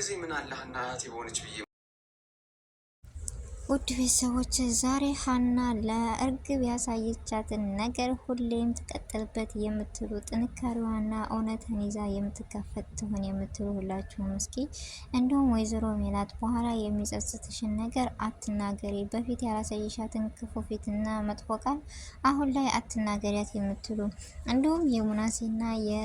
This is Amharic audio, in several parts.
ጊዜ ምን አለህና አያቴ በሆነች ብዬ ውድ ቤተሰቦች ዛሬ ሀና ለእርግብ ያሳየቻትን ነገር ሁሌም ትቀጥልበት የምትሉ ጥንካሬዋና እውነትን ይዛ የምትጋፈጥ ትሆን የምትሉ ሁላችሁም እስኪ እንዲሁም ወይዘሮ ሜላት በኋላ የሚጸጽትሽን ነገር አትናገሪ፣ በፊት ያላሳየሻትን ክፉ ፊትና መጥፎ ቃል አሁን ላይ አትናገሪያት የምትሉ እንዲሁም የሙናሴና የ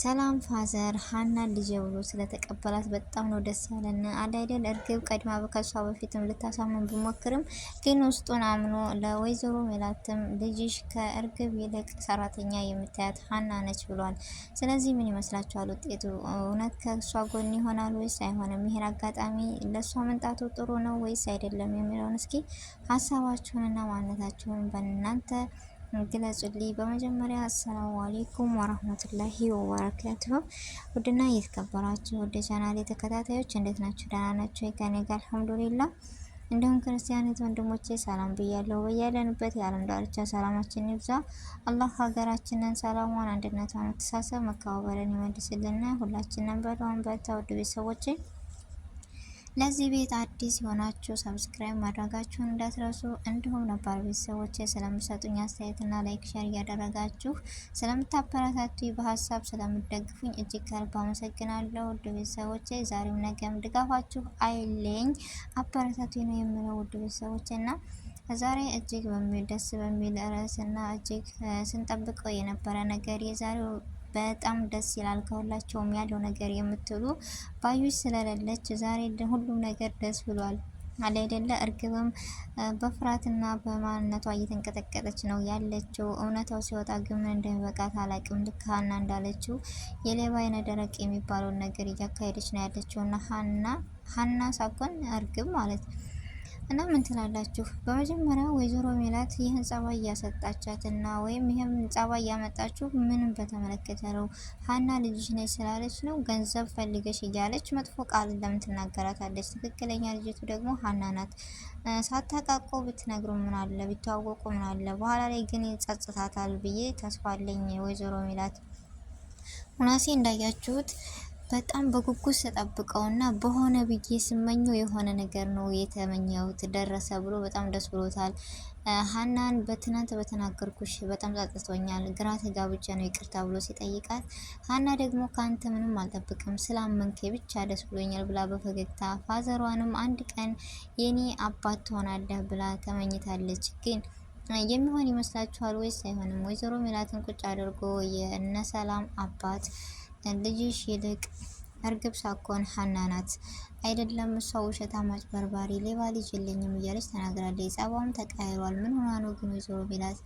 ሰላም ፋዘር ሀና ልጅ ብሎ ስለተቀበላት በጣም ነው ደስ ያለን። አዳይደል እርግብ ቀድማ ከሷ በፊትም ልታሳምን ብሞክርም ግን ውስጡን አምኖ ለወይዘሮ ሜላትም ልጅሽ ከእርግብ ይልቅ ሰራተኛ የምታያት ሀና ነች ብሏል። ስለዚህ ምን ይመስላችኋል ውጤቱ? እውነት ከእሷ ጎን ይሆናል ወይስ አይሆንም? ይህን አጋጣሚ ለእሷ መምጣቱ ጥሩ ነው ወይስ አይደለም የሚለውን እስኪ ሀሳባችሁንና ማንነታችሁን በእናንተ ግለጹልኝ። በመጀመሪያ አሰላሙ አሌይኩም ወረህመቱላሂ ወበረካቱሁ። ውድና እየተከበራችሁ ወደ ቻናሌ ተከታታዮች እንዴት ናችሁ? ደህና ናችሁ? ከኔ ጋር አልሐምዱሊላ። እንዲሁም ክርስቲያኖች ወንድሞቼ ሰላም ብያለሁ። በያለንበት የዓለም ዳርቻ ሰላማችን ይብዛ። አላህ ሀገራችንን ሰላሟን፣ አንድነቷን፣ መተሳሰብ፣ መከባበርን ይመልስልን። ሁላችንን በዱዓ እንበርታ። ውድ ቤተሰቦቼ ለዚህ ቤት አዲስ የሆናችሁ ሰብስክራይብ ማድረጋችሁን እንዳትረሱ፣ እንዲሁም ነባር ቤተሰቦች ስለምሰጡኝ አስተያየትና ላይክ ሸር እያደረጋችሁ ስለምታበረታቱ በሀሳብ ስለምደግፉኝ እጅግ ከልብ አመሰግናለሁ። ውድ ቤተሰቦቼ ዛሬም ነገም ድጋፋችሁ አይለኝ፣ አበረታቱ ነው የምለው ውድ ቤተሰቦቼ እና ዛሬ እጅግ በሚል ደስ በሚል ርዕስና እጅግ ስንጠብቀው የነበረ ነገር የዛሬው በጣም ደስ ይላል። ከሁላቸውም ያለው ነገር የምትሉ ባዩሽ ስለሌለች ዛሬ ሁሉም ነገር ደስ ብሏል አለ አይደለ? እርግብም በፍርሃትና በማንነቷ እየተንቀጠቀጠች ነው ያለችው። እውነታው ሲወጣ ግን ምን እንደሚበቃት አላቅም። ልክ ሀና እንዳለችው የሌባ አይነ ደረቅ የሚባለውን ነገር እያካሄደች ነው ያለችው እና ሀና ሀና ሳኮን እርግብ ማለት ነው እና ምን ትላላችሁ? በመጀመሪያ ወይዘሮ ሜላት ይህን ጸባይ እያሰጣቻት እና ወይም ይህም ጸባይ እያመጣችሁ ምንም በተመለከተ ነው ሀና ልጅሽ ነች ስላለች ነው ገንዘብ ፈልገሽ እያለች መጥፎ ቃል ለምን ትናገራታለች? ትክክለኛ ልጅቱ ደግሞ ሀና ናት። ሳታቃቆ ብትነግሩ ምን አለ ቢተዋወቁ ምን አለ? በኋላ ላይ ግን ይጸጽታታል ብዬ ተስፋ አለኝ። ወይዘሮ ሜላት ሁናሴ እንዳያችሁት በጣም በጉጉት ስጠብቀውና በሆነ ብዬ ስመኘው የሆነ ነገር ነው የተመኘሁት ደረሰ ብሎ በጣም ደስ ብሎታል። ሀናን በትናንት በተናገርኩሽ በጣም ጸጽቶኛል፣ ግራ ተጋብቼ ነው ይቅርታ ብሎ ሲጠይቃት፣ ሀና ደግሞ ከአንተ ምንም አልጠብቅም ስላመንከ ብቻ ደስ ብሎኛል ብላ በፈገግታ ፋዘሯንም አንድ ቀን የኔ አባት ትሆናለህ ብላ ተመኝታለች ግን የሚሆን ይመስላችኋል ወይስ አይሆንም? ወይዘሮ ሜላትን ቁጭ አድርጎ የእነ ሰላም አባት ልጅሽ ይልቅ እርግብ ሳኮን ሀና ናት አይደለም። እሷ ሸታ አጭበርባሪ፣ ሌባ ልጅ የለኝም እያለች ተናግራለች። ጸባውም ተቀያይሯል። ምን ሆና ነው ግን ወይዘሮ ሜላት?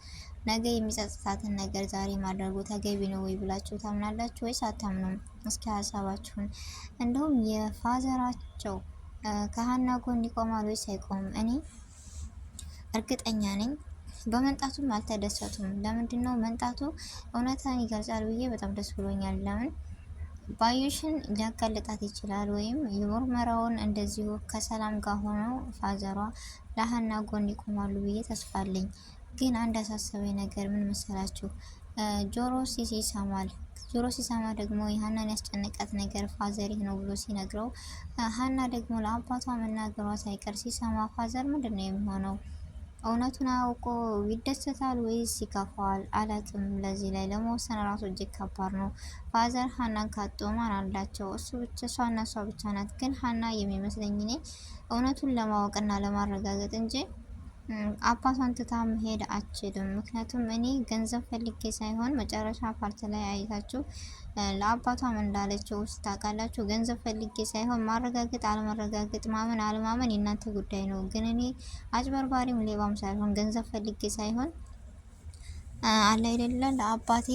ነገ የሚጸጽታትን ነገር ዛሬ ማድረጉ ተገቢ ነው ወይ ብላችሁ ታምናላችሁ ወይስ አታምኑም? እስኪ ሀሳባችሁን እንደውም የፋዘራቸው ከሀና ጎን ይቆማል ወይስ አይቆምም? እኔ እርግጠኛ ነኝ በመንጣቱም አልተደሰቱም። ለምንድን ነው መንጣቱ እውነታን ይገልጻል ብዬ በጣም ደስ ብሎኛል። ለምን ባዩሽን ሊያጋልጣት ይችላል ወይም የምርመራውን እንደዚሁ ከሰላም ጋር ሆነው ፋዘሯ ለሀና ጎን ይቆማሉ ብዬ ተስፋ አለኝ። ግን አንድ አሳሰበኝ ነገር ምን መሰላችሁ? ጆሮ ሲሲ ይሰማል። ጆሮ ሲሰማ ደግሞ የሀናን ያስጨነቃት ነገር ፋዘር ይህ ነው ብሎ ሲነግረው ሀና ደግሞ ለአባቷ መናገሯ ሳይቀር ሲሰማ ፋዘር ምንድን ነው የሚሆነው? እውነቱን አውቆ ይደሰታል ወይስ ይከፋዋል? አላቅም። ለዚህ ላይ ለመወሰን ራሱ እጅግ ከባድ ነው። ፋዘር ሀናን ካጡ ማን አላቸው? እሱ ብቻ እሷና እሷ ብቻ ናት። ግን ሀና የሚመስለኝ እኔ እውነቱን ለማወቅና ለማረጋገጥ እንጂ አባቷን ትታ መሄድ አችልም። ምክንያቱም እኔ ገንዘብ ፈልጌ ሳይሆን መጨረሻ ፓርት ላይ አይታችሁ ለአባቷም እንዳለችው ውስጥ ታውቃላችሁ። ገንዘብ ፈልጌ ሳይሆን ማረጋገጥ አለመረጋገጥ፣ ማመን አለማመን የእናንተ ጉዳይ ነው። ግን እኔ አጭበርባሪም ሌባም ሳይሆን ገንዘብ ፈልጌ ሳይሆን አለ አይደለ ለአባቴ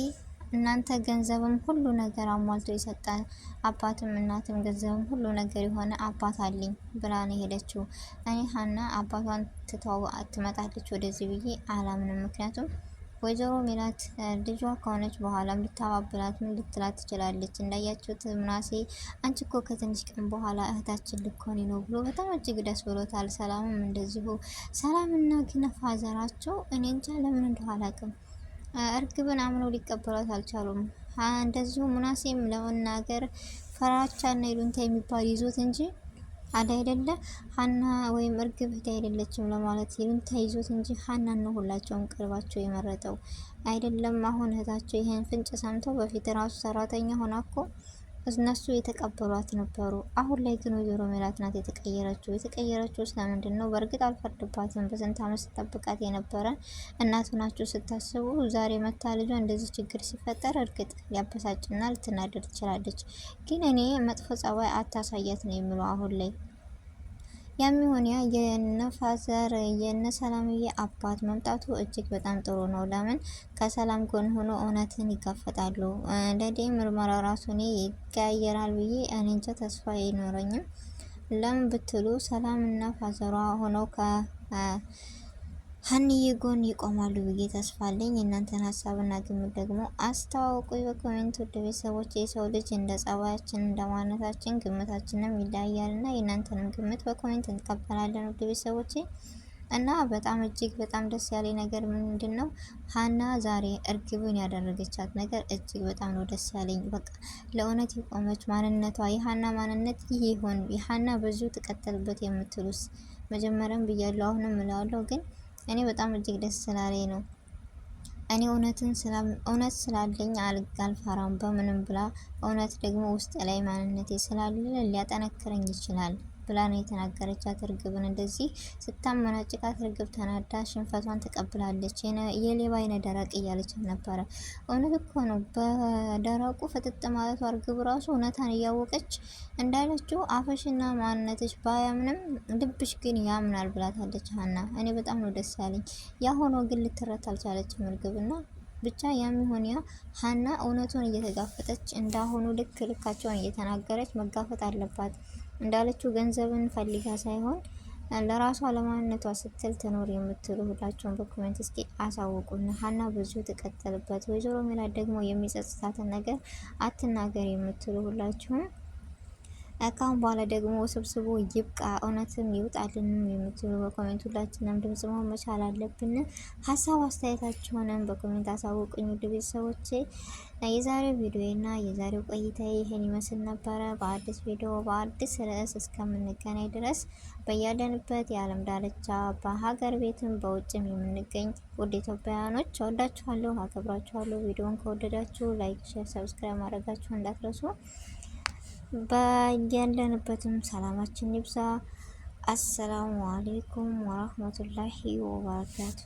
እናንተ ገንዘብም ሁሉ ነገር አሟልቶ የሰጠ አባትም እናትም ገንዘብም ሁሉ ነገር የሆነ አባት አለኝ ብላ ነው የሄደችው። እኔ ሀና አባቷን ትተው ትመጣለች ወደዚህ ብዬ አላምንም። ምክንያቱም ወይዘሮ ሜላት ልጇ ከሆነች በኋላም ልታባብላትም ልትላት ትችላለች። እንዳያችሁት ምናሴ አንቺ እኮ ከትንሽ ቀን በኋላ እህታችን ልኮኔ ነው ብሎ በጣም እጅግ ደስ ብሎታል። ሰላምም እንደዚሁ ሰላምና ግነፋ ዘራቸው እኔ እንጃ ለምን እንደኋላ አላውቅም እርግብን አምኖ ሊቀበሏት አልቻሉም። እንደዚሁ ሙናሴም ለመናገር ፈራቻና ይሉንታ የሚባል ይዞት እንጂ አለ አይደለ ሀና ወይም እርግብ እህት አይደለችም ለማለት ይሉንታ ይዞት እንጂ ሀና ነው ሁላቸውም ቀልባቸው የመረጠው አይደለም። አሁን እህታቸው ይህን ፍንጭ ሰምተው በፊት ራሱ ሰራተኛ ሆና እኮ እነሱ የተቀበሏት ነበሩ። አሁን ላይ ግን ወይዘሮ ሜላት ናት የተቀየረችው። የተቀየረችው ስለምንድን ነው? በእርግጥ አልፈርድባትም። በስንት ዓመት ስጠብቃት የነበረ እናቱ ናቸው። ስታስቡ ዛሬ መታ ልጇ እንደዚህ ችግር ሲፈጠር እርግጥ ሊያበሳጭና ልትናደድ ትችላለች። ግን እኔ መጥፎ ጸባይ አታሳያት ነው የሚለው አሁን ላይ የሚሆን ያ የነፋዘር የነሰላምዬ አባት መምጣቱ እጅግ በጣም ጥሩ ነው። ለምን ከሰላም ጎን ሆኖ እውነትን ይጋፈጣሉ። ለዲ ምርመራ ራሱን ይቀያየራል ብዬ እኔ እንጃ ተስፋ አይኖረኝም። ለምን ብትሉ እና ፋዘሯ ሆኖ ከ ሀንዬ ጎን ይቆማሉ ብዬ ተስፋ አለኝ። እናንተን ሀሳብና ግምት ደግሞ አስተዋውቁ በኮሜንት። ውድ ቤተሰቦች የሰው ልጅ እንደ ጸባያችን እንደ ማነታችን ግምታችንም ይለያያልና የእናንተንም ግምት በኮሜንት እንቀበላለን። ውድ ቤተሰቦቼ እና በጣም እጅግ በጣም ደስ ያለ ነገር ምንድን ነው፣ ሀና ዛሬ እርግብን ያደረገቻት ነገር እጅግ በጣም ነው ደስ ያለኝ። በቃ ለእውነት የቆመች ማንነቷ የሀና ማንነት ይህ ይሆን? የሀና ብዙ ትቀጠልበት የምትሉስ? መጀመሪያም ብያለሁ አሁንም እለዋለሁ ግን እኔ በጣም እጅግ ደስ ስላለኝ ነው። እኔ እውነትን እውነት ስላለኝ አልፈራም በምንም ብላ እውነት ደግሞ ውስጥ ላይ ማንነቴ ስላለ ሊያጠነክረኝ ይችላል። ብላ ነው የተናገረቻት። እርግብን እንደዚህ ስታመናጭቃት እርግብ ተናዳ ሽንፈቷን ተቀብላለች። የሌባ አይነ ደረቅ እያለች ነበረ። እውነት እኮ ነው። በደረቁ ፍጥጥ ማለቷ እርግብ ራሱ እውነታን እያወቀች እንዳለችው አፈሽና ማንነትሽ ባያምንም ልብሽ ግን ያምናል ብላታለች ሀና። እኔ በጣም ነው ደስ ያለኝ። ያ ሆኖ ግን ልትረት አልቻለችም እርግብና ብቻ ያም ይሁን ያ ሀና እውነቱን እየተጋፈጠች እንዳሁኑ ልክ ልካቸውን እየተናገረች መጋፈጥ አለባት። እንዳለችው ገንዘብን ፈልጋ ሳይሆን ለራሷ ለማንነቷ ስትል ትኖር የምትሉ ሁላቸውን በኮሜንት እስኪ አሳውቁን። ሀና ብዙ ትቀጥልበት። ወይዘሮ ሜላት ደግሞ የሚጸጽታትን ነገር አትናገር የምትሉ ሁላችሁም ካሁን በኋላ ደግሞ ስብስቡ ይብቃ፣ እውነትም ይውጣልን የምትሉ በኮሜንት ሁላችንም ድምጽ መሆን መቻል አለብን። ሀሳብ አስተያየታችሁንም በኮሜንት አሳውቁኝ። ውድ ቤተሰቦቼ የዛሬው ቪዲዮና የዛሬው ቆይታ ይህን ይመስል ነበረ። በአዲስ ቪዲዮ በአዲስ ርዕስ እስከምንገናኝ ድረስ በያለንበት የዓለም ዳርቻ በሀገር ቤትም በውጭም የምንገኝ ውድ ኢትዮጵያውያኖች ወዳችኋለሁ፣ አከብራችኋለሁ። ቪዲዮን ከወደዳችሁ ላይክ፣ ሼር፣ ሰብስክራይብ ማድረጋችሁ እንዳትረሱ። በያለንበትም ሰላማችን ይብዛ። አሰላሙ አሌይኩም ወራህመቱላሂ ወበረካቱ።